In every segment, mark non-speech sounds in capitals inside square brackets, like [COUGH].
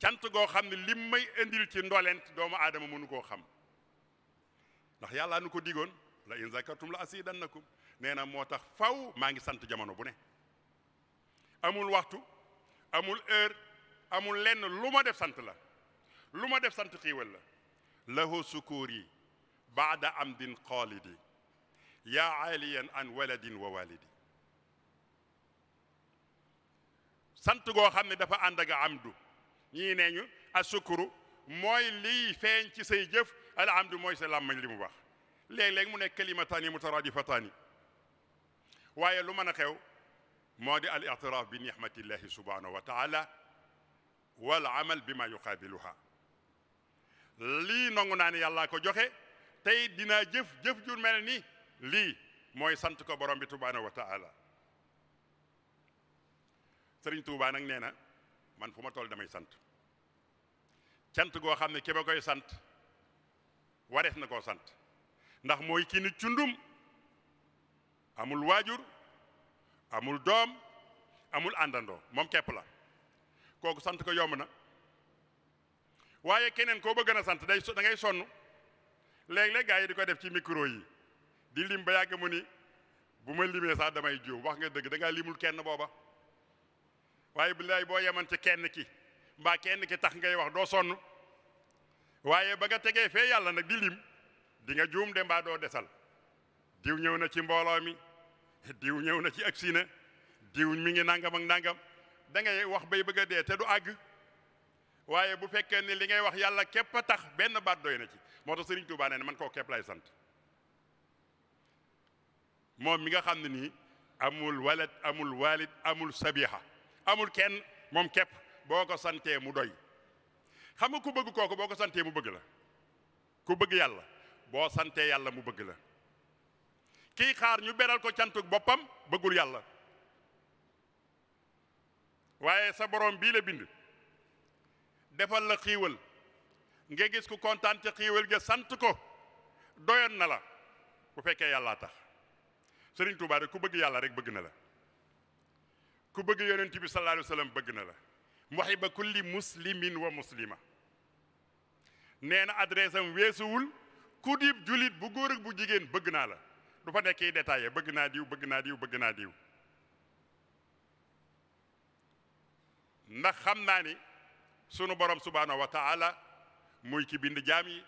sant goo xam ne lim may indil ci ndolent doomu aadama mënu koo xam ndax yàlla nu ko digoon la in zakartum la asidannakum nee na moo tax faw maa ngi sant jamono bu ne amul waxtu amul heure amul lenn lu ma def sant la lu ma def sant xiiwal la lahu sukuur yi baada amdin xaalidi yaa aliyan an waladin wa walidi sant goo xam ne dafa ànd ak amdu ñii nee ñu asukuru mooy liy feeñ ci say jëf alhamdu mooy sa làmmañ li mu baax léeg-léeg mu nekk kalimataani mutaraadifataani waaye lu mën a xew moo di al itiraaf bi nixmatillahi subhanahu wa taala wal amal bi ma yuqaabiluha lii nangu naa ne yàllaa ko joxe tey dinaa jëf jëf ju mel ni lii mooy sant ko borom bi wa taala sëriñ Tuubaa nag nee na man fu ma toll damay sant sant goo xam ne ki ba koy sant warees na koo sant ndax mooy kii ni cundum amul waajur amul doom amul àndandoo moom kepp la kooku sant ko yomb na waaye keneen koo bëgg na sant day da ngay sonn léeg-léeg gaa yi di ko def ci micro yi di lim ba yàgg mu ni bu ma limee sax damay jiw wax nga dëgg dangaa ngaa limul kenn booba waaye billaay boo yeman ci kenn ki mbaa kenn ki tax ngay wax doo sonn waaye ba nga tegee fee yàlla nag di lim di juum de mbaa doo desal diw ñëw na ci mbooloo mi diw ñëw na ci agsi na diw mi ngi nangam ak nangam da wax bay bëgga dee te du àgg waaye bu fekkee ni li ngay wax yàlla képp a tax benn baat doy na ci moo tax Serigne Touba nee na man koo képp lay sant moom mi nga xam ne nii amul walad amul walid amul sabiha amul kenn moom képp boo ko santee mu doy xam nga ku bëgg kooku boo ko santee mu bëgg la ku bëgg yàlla boo santee yàlla mu bëgg la kii xaar ñu beral ko cantuk boppam bëggul yàlla waaye sa borom bii la bind defal la xiiwal nga gis ku kontaan ci xiiwal ga sant ko doyoon na la bu fekkee yàllaa tax Sëriñ Tuubaa rek ku bëgg yàlla rek bëgg na la ku bëgg yonent bi sallallahu alayhi wa sallam bëgg na la muhiba kulli muslimin wa muslima nee na adresse weesuwul ku dib julit bu góor bu jigéen bëgg naa la du fa nekk détaillé bëgg naa diw bëgg naa diw bëgg naa diw ndax xam naa ni sunu borom subhaanahu wa taala muy ki bind jaam yi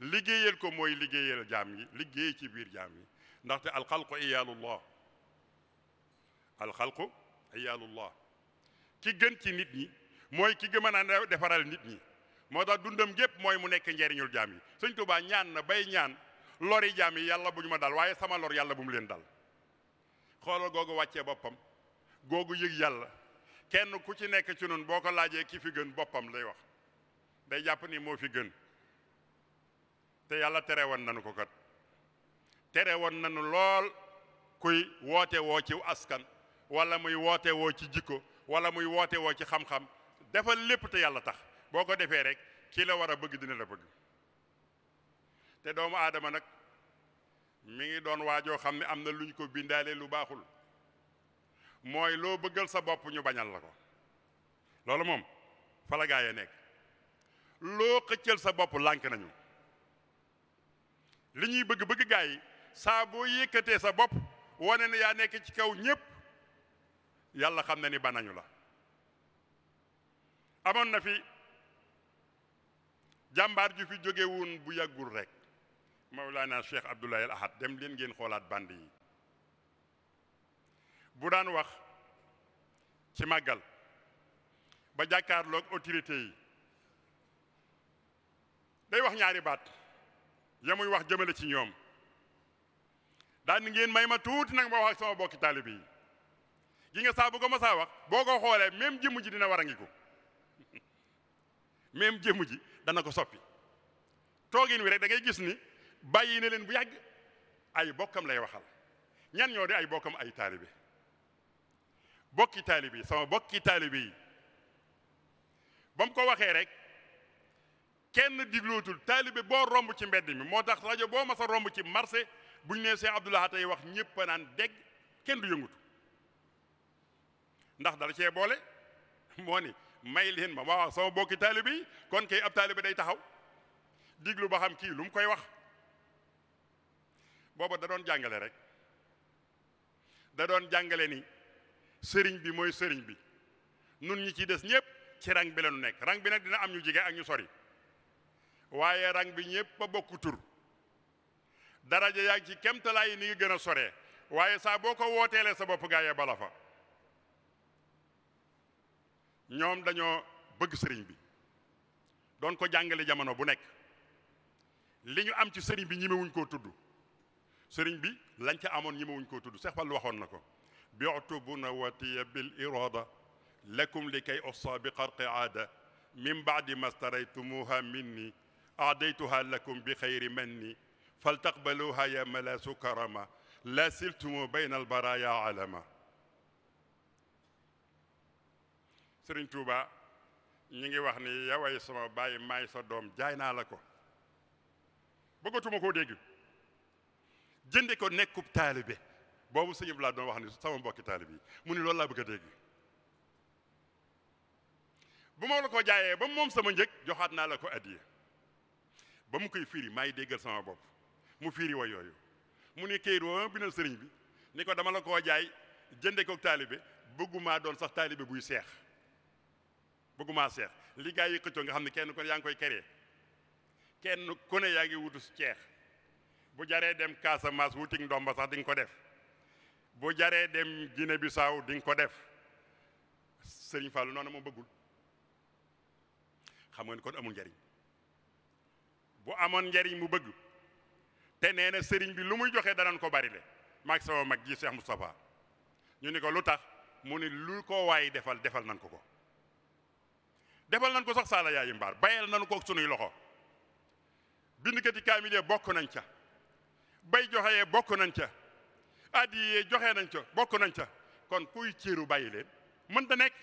liggéeyal ko mooy liggéeyal jaam yi liggéey ci biir jaam yi ndaxte alxalqu iyaalullah alxalqu iyaalullah ki gën ci nit ñi mooy ki gëm a naan defaral nit ñi moo tax dundam gépp mooy mu nekk njariñul jaam yi sëñ Tuubaa ñaan na bay ñaan lori jaam yi yàlla bu ñu ma daal waaye sama lor yàlla bu mu leen dal xoolal googu wàccee boppam googu yëg yàlla kenn ku ci nekk ci nun boo ko laajee ki fi gën boppam lay wax day jàpp ni moo fi gën te yàlla tere woon nanu ko kat tere woon nanu lool kuy woote woo ci askan wala muy woote woo ci jikko wala muy woote woo ci xam-xam defal lépp te yàlla tax boo ko defee rek ki la war a bëgg dina la bëgg te doomu aadama nag mu ngi doon waajoo xam ne am na lu luñ ko bindaale lu baaxul mooy loo bëggal sa bopp ñu bañal la ko loolu moom fa la nekk loo xëccal sa bopp lànk nañu li ñuy bëgg-bëgg gaa yi saa boo yëkkatee sa bopp wane na yaa nekk ci kaw ñépp yàlla xam na ni ba nañu la amoon na fi jàmbaar ju fi jóge bu yàggul rek Mawlana Cheikh Abdoulaye Al Ahad dem leen ngeen xoolaat band yi bu daan wax ci màggal ba jàkkaarloog autorité yi day wax ñaari baat yamuy wax jëmale ci ñoom daan ngeen may ma tuuti nag ma wax ak sama bokki taalibe yi yi nga saa bu ko masaa wax boo ko xoolee même jëmm ji dina war a ngi ko [LAUGHS] même jëmm ji dana ko soppi toogin wi rek da ngay gis ni bàyyi na leen bu yàgg ay bokkam lay waxal ñan ñoo di ay bokkam ay taalibe bokki taalibe yi sama bokki taalibe yi ba mu ko waxee rek kenn diglootul taalibe boo romb ci mbedd mi moo tax rajo boo mas a romb ci marché buñ ne Cheikh Abdou Lahad tey wax ñëpp naan dégg kenn du yëngutu ndax dara cee boole moo ni may leen ma waaw sama bokki taalibe yi kon kay ab taalibe day taxaw diglu ba xam kii lu mu koy wax booba da doon jàngale rek da doon jàngale ni sëriñ bi mooy sëriñ bi nun ñi ci des ñëpp ci rang bi la nekk rang bi nag dina am ñu jege ak ñu sori waaye rang bi ñëpp ba bokku tur daraja yaa ngi ci kemtalaay ni nga gën soree waaye saa boo ko wooteelee sa bopp gaa bala fa ñoom dañoo bëgg sëriñ bi doon ko jàngale jamono bu nekk li ñu am ci sëriñ bi ñimewuñ ko tudd sëriñ bi lañ ca amoon ñimewuñ ko tudd Seex Fallu waxoon na ko bi'tubuna watiya bil irada lakum li kay ossa bi xarqi aada min baadi mastaraytumuha minni aadaytuha lakum bi xayri manni faltaqbaluha ya malasu karama la siltumu bayna albaraya alama sëriñ Touba ñi ngi wax ni yaway sama bàyyi may sa doom jaay naa la ko bëggatuma koo dégg jënde ko nekkub taalibe boobu sëñ bi laa doon wax ni sama mbokki taalibe yi mu ni loolu laa bëgg a dégg bu ma la jaayee ba moom sama njëg joxaat naa la ko addiya ba mu koy firi maa ngi déggal sama bopp mu firi wa yooyu mu ni këyit woo bindal sëriñ bi ni ko dama la koo jaay jënde ko taalibe bëggumaa doon sax taalibe buy seex bëgguma seex li gaa yi xëccoo nga xam ne kenn ku ne yaa ngi koy kéré kenn ku ne yaa ngi wutus ceex bu jaree dem Casamance wutik ndomba sax di ko def bu jaree dem Guinée Bissau di nga ko def Serigne Fallou noonu moom bëggul xam nga ni kon amul njariñ bu amoon njariñ mu bëgg te nee na sëriñ bi lu muy joxe danañ ko bari le maag sama mag ji Cheikh Moustapha ñu ni ko lu tax mu ni lu ko waaye defal defal nan ko ko defal nañ ko sax saala yaayi mbaar bayal nañ ko sunuy loxo bindkati kaamil yee bokk nañ ca bay joxe yee bokk nañ ca addi yee joxe nañ ca bokk nañ ca kon kuy ciiru bàyyi leen mën ta nekk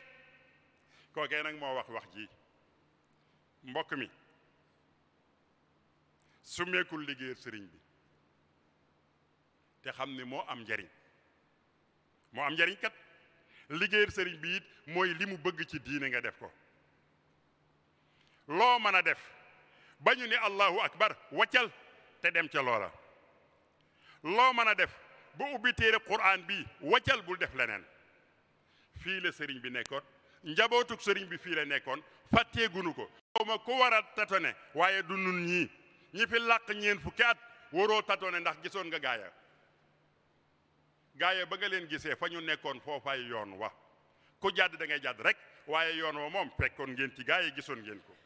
kookee nag moo wax wax ji mbokk mi su meekul liggéey sëriñ bi te xam ni moo am njariñ moo am njariñ kat liggéey sëriñ bi it mooy li mu bëgg ci diine nga def ko loo mën a def ba ñu ne allahu akbar waccal te dem ca loola loo mën a def ba ubbi téere quraan bi waccal bul def leneen fii la sëriñ bi nekkoon njabootuk sëriñ bi fii la nekkoon fàtteegunu ko xaw ma ko war a tatone waaye du nun ñii ñi fi làq ñeen fukki at ndax gisoon nga gaaya gaaya ba nga leen gisee fa ñu nekkoon foofaay yoon wa ku jàdd da ngay jàdd rek waaye yoon wa moom fekkoon ngeen ci gaaya gisoon ngeen ko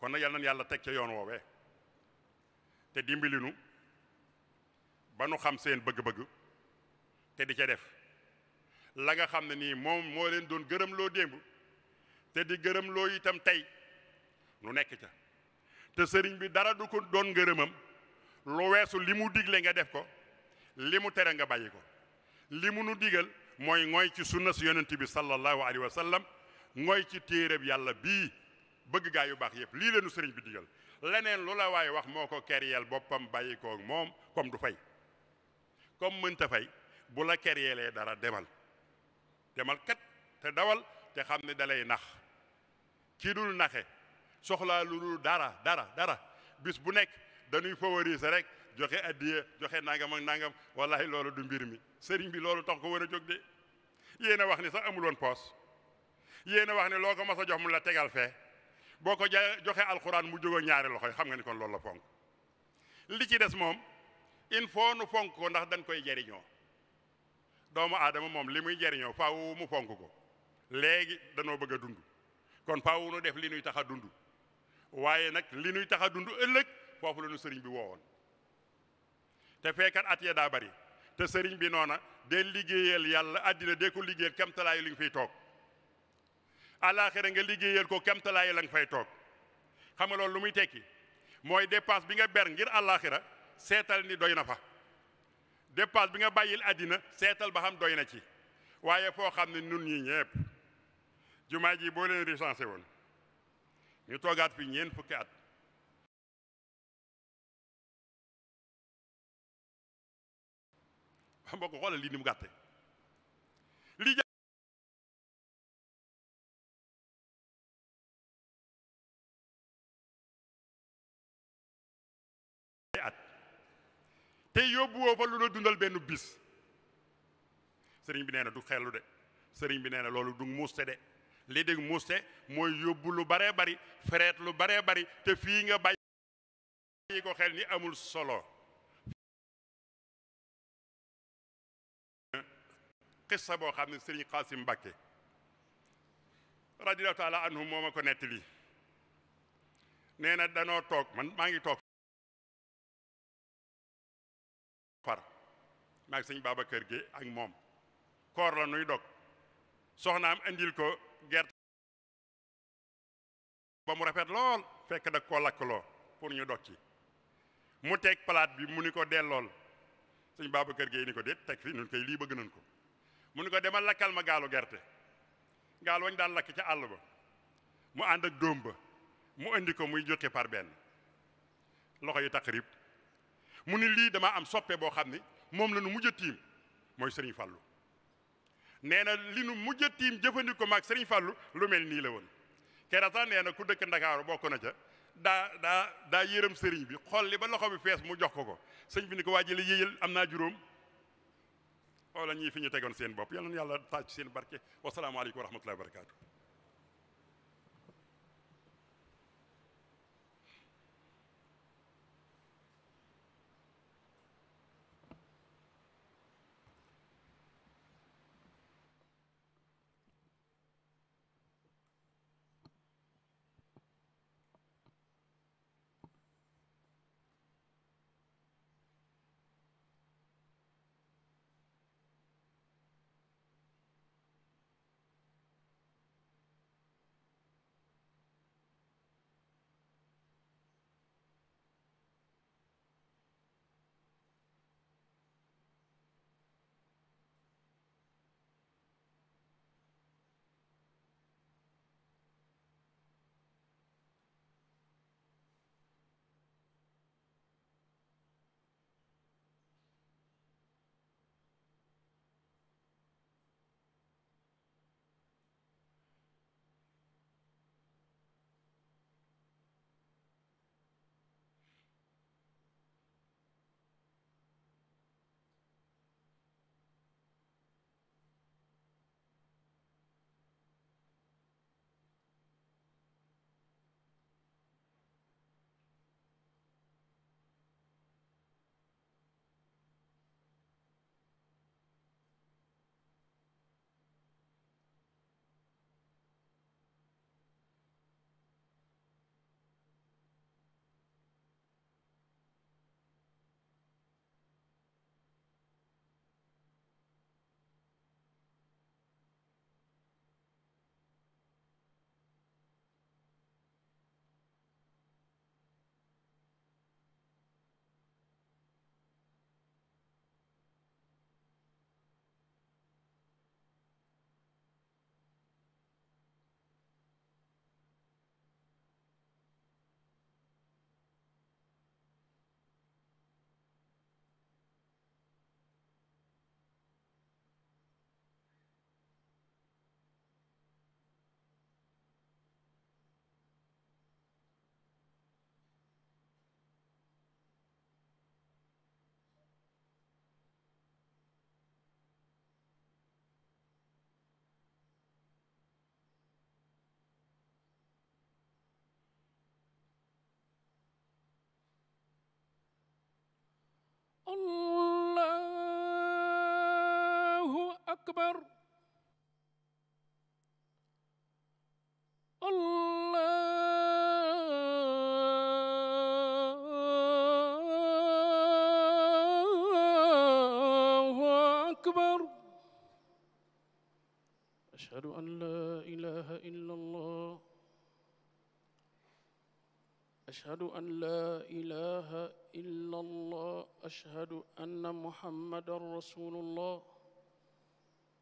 kon nag yàlla na yàlla teg ca yoon woowee te dimbilinu ba nu xam seen bëgg-bëgg te di ca def la nga xam ne nii moom moo leen doon gërëm loo démb te di gërëm loo itam tey nu nekk ca te sëriñ bi dara du ko doon ngërëmam lu weesu li mu digle nga def ko li mu tere nga bàyyi ko li mu nu digal mooy ngooy ci sunna si yonent bi sallallahu alayhi wa sallam ngooy ci téereb yàlla bii bëgg gaa yu baax yëpp lii leenu sëriñ bi digal leneen lu la waaye wax moo ko keryeel boppam bàyyi ko moom comme du fay comme mënta fay bu la keryeelee dara demal demal kat te dawal te xam ne dalay nax ci dul naxe soxlaa lu dul dara dara dara bis bu nekk dañuy favoriser rek joxe addiye joxe nangam ak nangam wallahi loolu du mbir mi sëriñ bi loolu tax ko war a jóg de yéen a wax ni sax amuloon poos yéen a wax ne loo ko mas a jox mu la tegal fee boo ko joxee alxuraan mu jóge ñaari loxo yi xam nga ni kon loolu la fonk li ci des moom il faut nu fonk ko ndax dañ koy jariñoo doomu aadama moom li muy jariñoo faaw mu fonk ko léegi danoo bëgg a dund kon faaw nu def li nuy tax a dund waaye nag li nuy tax a dund ëllëg foofu la nu sëriñ bi wowoon te feekat at ye daa bari te sëriñ bi noona dee liggéeyal yàlla àddina dee ko liggéeyal kam talaayu li nga fiy toog àllaaxira nga liggéeyal ko kemtalaay la nga fay toog xam nga loolu lu muy tekki mooy dépense bi nga ber ngir àllaaxira seetal ni doy na fa dépense bi nga bàyyil àddina seetal ba xam doy na ci waaye foo xam ne nun ñi ñëpp jumaa ji boo leen recensé woon ñu toogaat fi ñeent fukki at xam nga ko xoolal lii ni mu gàtte te yóbbuwoo fa lu la dundal benn bis sëriñ bi nee na du xellu de sëriñ bi nee na loolu du muuste de li dégg muuste mooy yóbbu lu baree bari fereet lu baree bari te fii nga bàyyi ko xel ni amul solo xissa bo xam ne kasim Xaasim Mbàkke radiyallahu taala anhu moo ma ko nettali nee na danoo toog man maa ngi toog par maag sëñ Babacar Gueye ak moom koor la nuy dog soxnaam indil ko gerte ba mu rafet lool fekk da koo lakkaloo pour ñu dog ci mu teg palaat bi mu ni ko dellool sëñ kër Gueye ni ko déet teg fii nun koy lii bëgg nañ ko mu ni ko demal lakkal ma gaalu gerte gaal wañ daan lakk ca àll ba mu ànd ak dóom ba mu indi ko muy jote par benn loxo yu taqrib mu ni lii damaa am soppe boo xam ni moom la nu mujj a tiim mooy Serigne fallu nee na li nu mujj a tiim jëfandikoo maag sëriñ Fallou lu mel nii la woon keroog sax nee na ku dëkk Ndakaaru bokk na ca daa daa daa yërëm sëriñ bi xool li ba loxo bi fees mu jox ko ko sëñ bi ni ko waa jële yéyal am naa juróom la ñii fi ñu tegoon seen bopp yal na yàlla tàcc seen barke wasalaamaaleykum wa rahmatullahi wa barakaatu. أكبر الله أكبر أشهد أن لا إله إلا الله أشهد أن لا إله إلا الله أشهد أن محمدا رسول الله